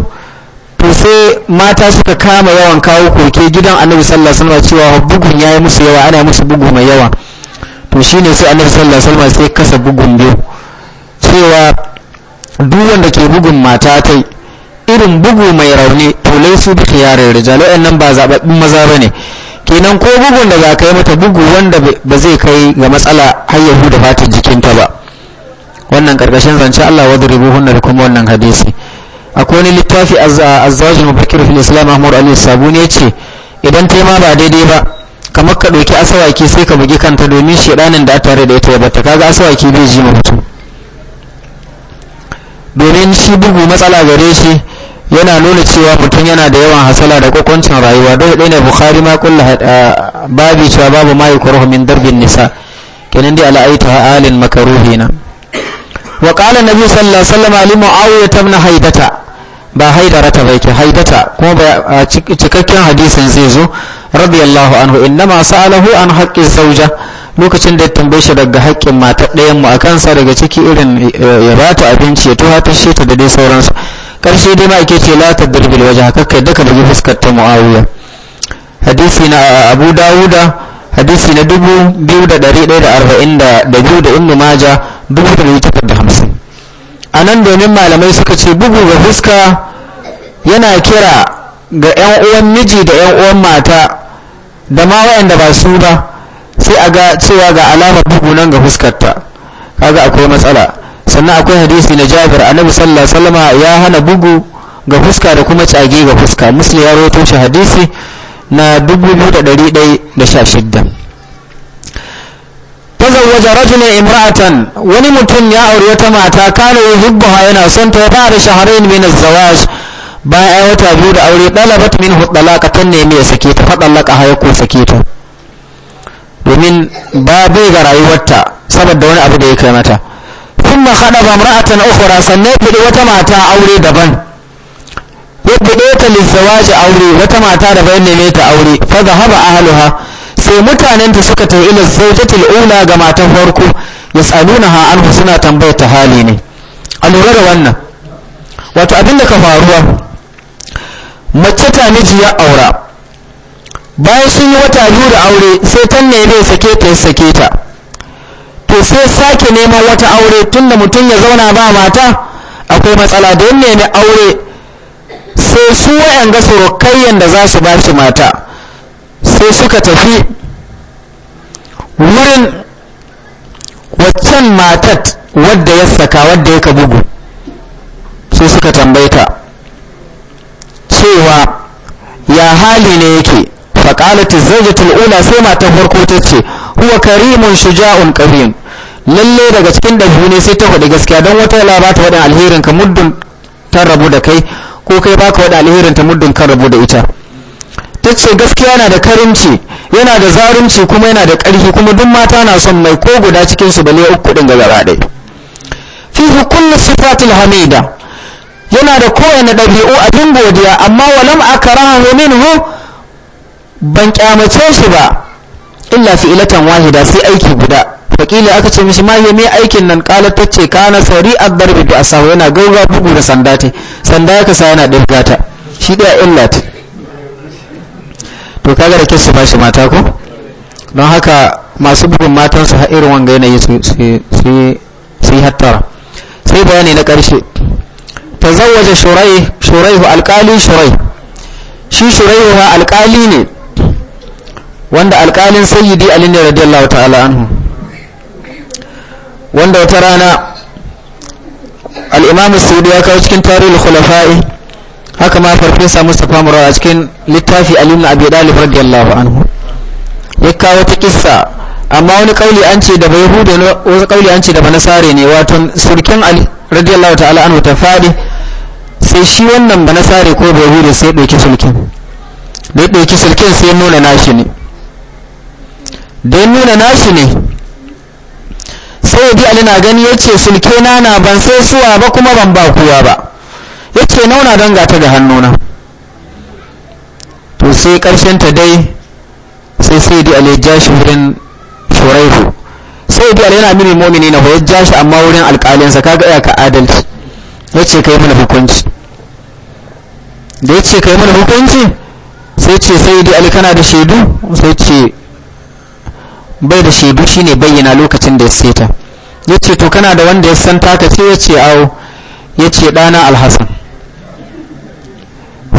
to sai mata suka kama yawan kawo koke gidan annabi sallallahu alaihi wasallam cewa bugun yayi musu yawa ana musu bugu mai yawa to shine sai annabi sallallahu alaihi wasallam sai kasa bugun biyu cewa duk wanda ke bugun mata tai irin bugu mai rauni to laisu bi khiyarar rijalai nan ba zababbin maza bane kenan ko bugun da za ka yi mata bugu wanda ba zai kai ga matsala har yahu da fatar jikinta ba wannan karkashin zance Allah wadribuhunna da kuma wannan hadisi akwai wani littafi azzawajin mubakir fil islam ahmad ali sabuni ya ce idan ta ma ba daidai ba kamar ka ɗauki asawaki sai ka bugi kanta domin shaɗanin da tare da ita ya bata kaga asawaki bai ji ma domin shi bugu matsala gare shi yana nuna cewa mutum yana da yawan hasala da kwakwancin rayuwa dole ɗaya ne bukari ma kulla babi cewa babu ma min darbin nisa kenan dai ala'aita alin makaruhi na wa qala nabi sallallahu alaihi wasallam li muawiya ibn haidata ba haidarata bai ke haidata kuma ba a cikakken hadisin zai zo radiyallahu anhu innama sa'alahu an haƙƙin zawja lokacin da ya tambaye shi daga haƙƙin mata ɗayan mu akan sa daga ciki irin eh, ya ba ta abinci ya tuhatar shi ta da dai sauransu karshe dai ma ake ce la waje haka kai daka bugi fuskar ta muawiya hadisi na abu dawuda hadisi na 2142 da da ibnu maja 2850 a nan domin malamai suka ce bugu ga fuska yana kira ga 'yan uwan miji da 'yan uwan mata da ma wayanda ba su ba sai a ga cewa ga alama bugu nan ga fuskarta kaga akwai matsala sannan akwai hadisi na jabir annabi sallallahu alaihi ya hana bugu ga fuska da kuma cage ga fuska musli ya rawaito shi hadisi na 2116 tazawwaja rajulun imra'atan wani mutum ya aure wata mata kana yuhibbuha yana son ta ba da shahrayn min az-zawaj bayan ai wata biyu da aure dalabat minhu talaqatan ne ya sake ta fadan laka hayo ko sake ta domin ba bai ga rayuwarta saboda wani abu da ya kai mata thumma khadaba imra'atan ukhra sannan fidi wata mata aure daban yadda ta lizawaji aure wata mata da bayan neme ta aure fa zahaba ahluha sai mutanen ta suka tafi ila zaujatul ula ga matan farko yasalunaha an suna tambayar ta hali ne a lura da wannan wato abinda ka faruwa mace ta miji ya aura bayan sun yi wata biyu da aure sai ta neme sake ta sake ta to sai sake neman wata aure tunda mutum ya zauna ba mata akwai matsala don nemi aure sai su wa'yan ga surukayyan da za su ba shi mata sai suka tafi wurin waccan matat wadda ya saka wadda ya ka bugu sai suka tambaye ta cewa ya hali ne yake faƙalata zaijatul ula sai matan farko ta ce huwa karimun shuja'un karim lalle daga cikin dabi'u ne sai ta faɗi gaskiya don wata yala ba ta waɗin alherin ka muddin ta rabu da kai ko kai baka waɗin alherin ta muddin kan rabu da ita ta ce gaskiya yana da karimci yana da zarunci kuma yana da ƙarfi kuma duk mata na son mai ko guda cikin su bale uku din gaba ɗaya fi kullu sifatul hamida yana da kowane ɗabi'u abin godiya amma walam akrahu minhu ban kyamace shi ba illa fi ilatan wahida sai aiki guda fakila aka ce mishi mai mai aikin nan kala ta ce kana sari a darbi da asahu yana gauga bugu da sanda ta sanda ya kasa yana ɗirga ta shi da illa ta to kaga da ke su bashi mata ko don haka masu bugun matan su har irin wanga yanayi su yi hattara sai bayani na ƙarshe ta zawaje shuraihu alƙali shurai shi shuraihu ha alƙali ne wanda alƙalin sayyidi ali ne radiyallahu ta'ala anhu wanda wata rana al'imamu sayyidi ya kawo cikin tarihin khulafa'i haka ma farfesa mustapha a cikin littafi alim na abi dalib radiyallahu anhu ya kawo ta kissa amma wani kauli an ce da yahudu wani kauli an ce da banasare ne wato surkin ali radiyallahu ta'ala anhu ta fadi sai shi wannan banasare ko bai yahudu sai ɗauki sulkin da ya ɗauki sulkin sai nuna nashi ne da ya nuna nashi ne sai ya bi ali na gani ya ce sulke na na ban sai suwa ba kuma ban ba kowa ba ya ce nauna don gata ga hannuna to sai ta dai sai sai di alijashi jashi wurin shuraihu sai di ali yana mini momini na hoyar jashi amma wurin alkalinsa kaga iya ka adalci yace ka yi mana hukunci da ya ce ka yi mana hukunci sai ce sai di ali kana da shaidu sai ce bai da shaidu shine bayyana lokacin da ya seta ya ce to kana da wanda ya san taka ce ya ce awo ya ce ɗana alhassan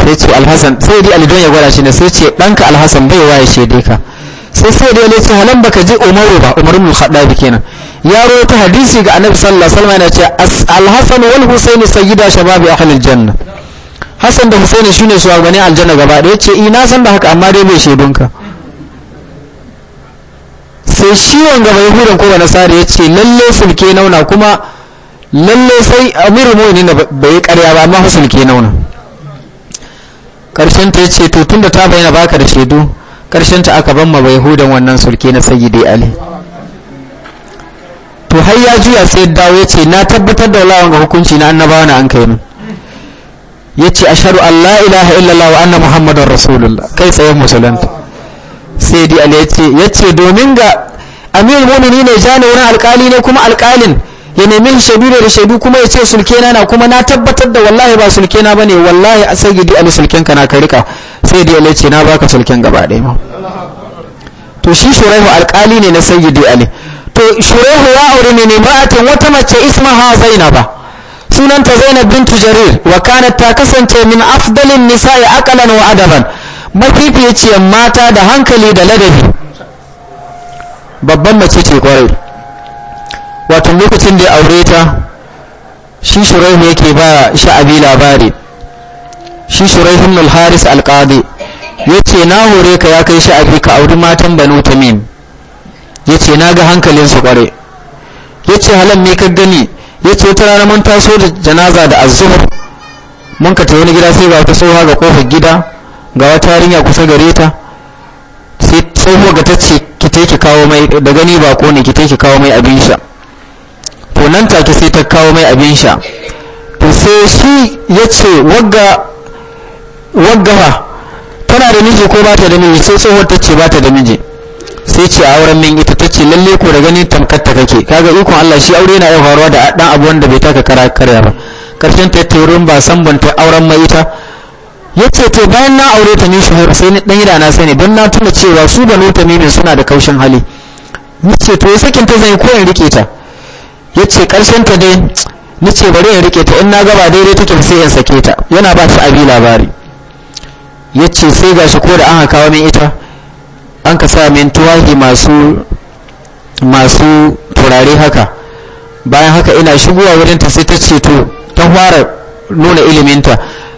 sai ce alhassan sai dai alidon ya gwada shi ne sai ce ɗanka alhassan bai waye shi dai ka sai sai dai ya ce halan baka je umaru ba umaru mul bi kenan yaro ta hadisi ga annabi sallallahu alaihi wasallam yana ce alhassan wal husaini sayyida shababi ahli aljanna hassan da husaini shine shugabannin aljanna gaba da yace ina eh, san da haka amma dai bai ka sai shi wanga bai hudan ko ba nasara yace lalle sulke nauna kuma lalle sai amiru mu'minin bai karya ba amma husulke nauna karshen ta yace to tunda ta bayyana baka da shaidu karshen ta aka ban ma hudan wannan sulke na sayyidi ali to har ya juya sai dawo yace na tabbatar da wallahi ga hukunci na annabawa na an kai min yace asharu an la ilaha illallah wa anna muhammadar rasulullah kai tsaye musulunta sayyidi ali yace yace domin ga amirul mu'minin ne jani wani alkali ne kuma alkalin ya nemi shaidu da shaidu kuma ya ce sulkena na kuma na tabbatar da wallahi ba sulkena bane wallahi a sai gidi ali sulken ka na ka rika sai dai ali ce na baka sulken gaba ɗaya ma to shi shuraihu alkali ne na sayyidi ali to shuraihu ya aure ne ne nemra'atin wata mace ismaha zainaba sunanta zainab bintu jarir wa kanat ta kasance min afdalin nisa'i aqalan wa adaban mafificiyar mata da hankali da ladabi babban mace ce kwarai wato lokacin da ya aure ta shi shuraihu yake ba sha'abi labari shi shuraihu al-haris al-qadi yace na hore ka ya kai sha'abi ka auri matan banu tamim yace na ga hankalin su kware yace halan me ka gani yace ta rana mun taso da janaza da azzuhur mun ka tayi gida sai ba ta tsoha ga kofar gida ga wata yarinya kusa gare ta sai tsohuwa ga ta ce ki kawo mai da gani ba ko ne ki kawo mai abin sha to nan take sai ta kawo mai abin sha to sai shi ya ce wagga waggawa tana da miji ko ba ta da miji sai tsohuwar ta ce ba ta da miji sai ce a auren min ita ta ce lalle ko da ganin tamkar ta kake kaga ikon Allah shi aure yana iya faruwa da dan abu wanda bai taka kara karya ba karshen ta ta wurin ba san ban ta auren mai ita yace to bayan na aure ta ni shuhur sai ni dan yana sai ne don na tuna cewa su banu tamimin suna da kaushin hali yace to ya sakin ta zai ko in rike ta ya ce ta dai ni ce bari in rike ta in na gaba daidai take sai in sake ta yana ba shi abi labari ya ce sai gashi ko da an kawo min ita an ka sa min tuwahi masu masu turare haka bayan haka ina shigowa wurin ta sai ta ce to ta fara nuna iliminta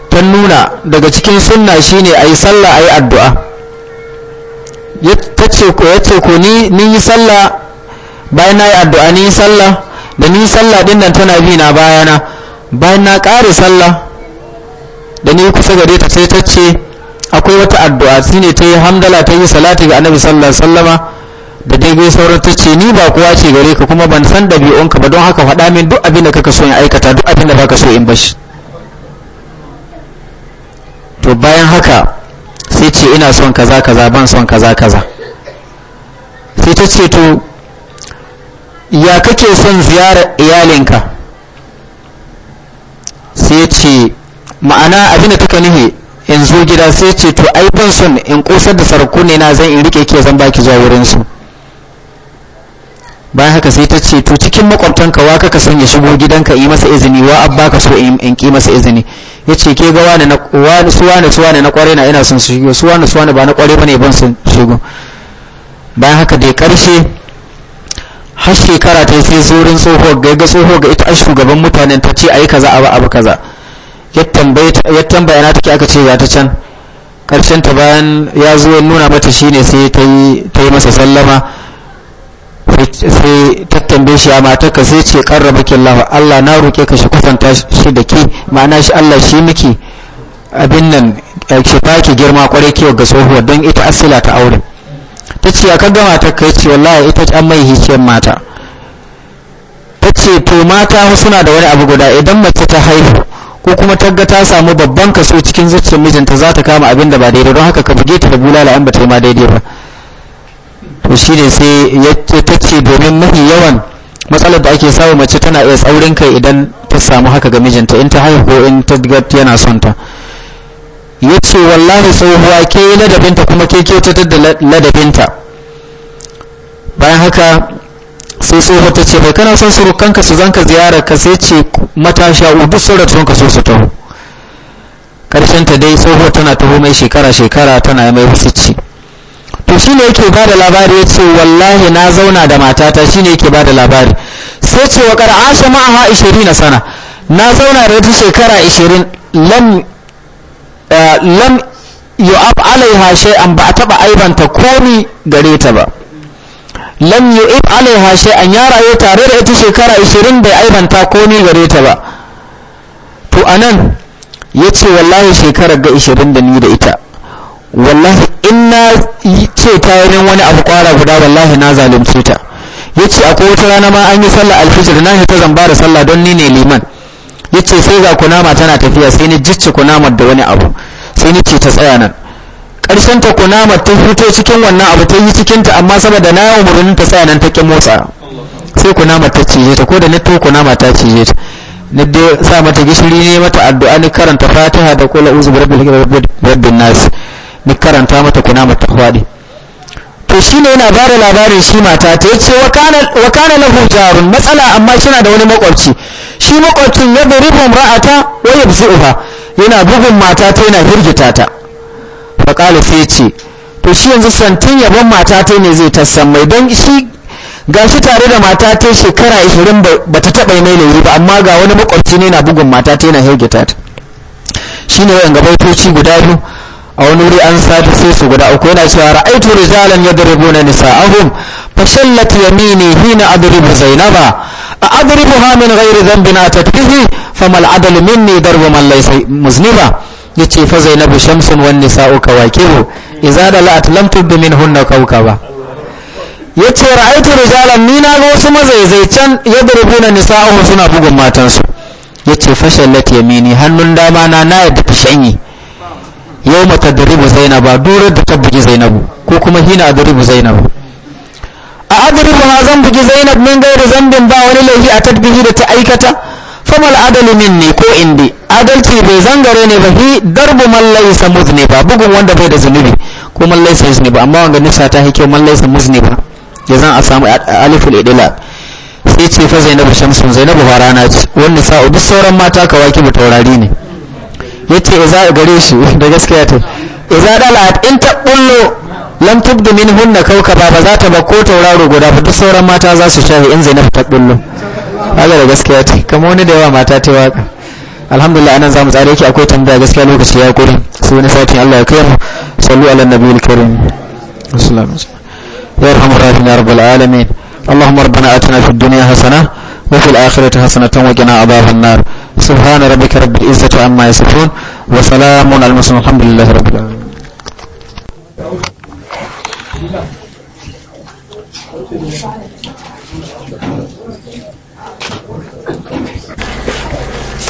ta nuna daga cikin sunna shine ayi sallah ayi addu'a ya ce ko ni yi sallah bayan na yi addu'a ni yi sallah da ni sallah din nan tana bi na bayana bayan na ƙare sallah da ni kusa gare ta sai ta ce akwai wata addu'a shine ta yi hamdala ta yi salati ga annabi sallallahu alaihi wasallama da dai sauran ta ce ni ba kowa ce gare ka kuma ban san ɗabi'unka ba don haka faɗa min duk abin da kaka so in aikata duk abin da baka so in bashi to bayan haka sai ce ina son kaza kaza ban son kaza kaza sai ta ce to ya kake son ziyarar iyalinka sai ce ma'ana da kake nuhi in zo gida sai ce to ai ban son in kosar da sarku ne na zan in rike ke zan baki zuwa wurin su bayan haka sai ta ce to cikin makwabtanka wa kaka son ya shigo gidanka yi masa izini wa abba ka so in ki masa izini ya ce ke ga wani wani su wani su wani na kware na ina son su shigo su wani su wani ba na kware bane ban son shigo bayan haka dai karshe har shekara ta sai zurin tsoho ga ga tsoho ga ita an gaban mutanen ta ce a yi kaza a ba abu kaza ya tambaya na take aka ce za ta can karshen ta bayan ya zo nuna mata shine sai ta yi masa sallama sai ta tambaye shi a matarka sai ce karraba killahu Allah na roke ka shi kusanta shi da ke ma'ana shi Allah shi miki abin nan ki girma kwarai kiyo ga tsohuwa don ita asila ta aure ta ce kan gama ta ka ce wallahi ita an mai hiciyar mata ta ce to mata suna da wani abu guda idan mace ta haihu ko kuma tagga ta samu babban kaso cikin zuciyar mijinta za ta kama abin da ba daidai don haka ka buge ta da bulala an ba ta yi ma daidai ba to shi ne sai ya ta ce domin mafi yawan matsalar da ake samu mace tana iya tsaurin kai idan ta samu haka ga mijinta in ta haihu ko in ta yana son ta ya ce wallahi tsohuwa ke ladabinta kuma ke kyautatar da ladabinta bayan haka sai tsohuwa ta ce bai kana son surukanka su zanka ziyarar ka sai ce matasha ubu surat sun ka so su taho karshen ta dai tsohuwa tana taho mai shekara shekara tana mai husici to shine yake ba da labari ya ce wallahi na zauna da matata shine yake ba da labari sai ce wa kara asha ma'aha 20 na sana na zauna da ta shekara 20 lam Eh, lam yu'ab alaiha shay'an ba a taba aibanta komi gare ta ba lam yu'ib alaiha shay'an ya rayu tare da ita shekara 20 bai aibanta komi gare ta ba to anan yace wallahi shekara ga 20 da ni da ita wallahi in na ce ta yi wani abu kwara guda wallahi na zalunce ta yace akwai wata rana ma an yi sallah alfijir na ta zamba da sallah don ni ne liman ya ce sai ga kunama tana tafiya sai ni jicci kunamar da wani abu sai ni ce ta tsaya nan ƙarshen ta kunama ta fito cikin wannan abu ta yi cikin ta amma saboda na yawon murnin ta tsaya nan ta ƙi motsa sai kunama ta cije ta ko da na kunama ta cije ta na sa mata gishiri ne mata addu'a ni karanta fatiha da kula uzu bi rabbil nas ni karanta mata kunama ta faɗi to shine yana bada labarin shi mata ta yace wa kana wa matsala amma shina da wani makwabci shi makwabcin ya duribu ra'ata wa yabzuha yana bugun mata ta yana hirgita ta fa kala sai yace to shi yanzu santin yabon mata ta ne zai tassan mai don shi gashi tare da mata ta shekara 20 bata taba mai lauri ba amma ga wani makwabci ne yana bugun mata ta yana hirgita ta shine wayan gabaitoci guda biyu a wani wuri an sata sai su guda uku yana cewa ra'aitu rijalan yadribuna nisa'ahum fashallat yamini hina adribu zainaba a adribuha min ghairi dhanbin atat bihi famal adl minni darbu man laysa muzniba ce fa zainabu shamsun wani za nisa'u kawakibu idza dalat lam tubbi ba ya yace ra'aitu rijalan ni na ga wasu ni sa'a nisa'ahum suna bugun matansu yace fashallat yamini hannun dama na na yadda ta shanye yau mata daribu zainaba durar da ta bugi zainabu ko kuma hina a daribu zainabu a adribu ba zan bugi zainab min gairi zambin ba wani laifi a tadbihi da ta aikata famal adali ne ko indi adalci bai zangare ne ba hi darbu man laysa ba bugun wanda bai da zunubi ko man laysa ba amma wanga nisa ta mallai man laysa ba ya zan a samu aliful idila sai ce fa zainabu shamsun zainabu ba rana ce wani sa'o duk sauran mata kawaki ba taurari ne yace iza gare shi da gaskiya ta iza dalat in ta bullo lam tubdu hunna kawkaba ba za ta ba ko tauraro guda ba duk sauran mata za su shafe in zainab ta bullo haka da gaskiya ta kamar wani da yawa mata ta waka alhamdulillah anan zamu tsare ki akwai tambaya gaskiya lokaci ya kure sai wani sati Allah ya kai mu sallu ala nabiyil karim alaihi wasallam ya rahmu rahim ya rabbal alamin اللهم ربنا آتنا في الدنيا حسنة وفي الاخره حسنه وقنا عذاب النار سبحان ربك رب العزة عما يصفون وسلام على المرسلين الحمد لله رب العالمين Thank you.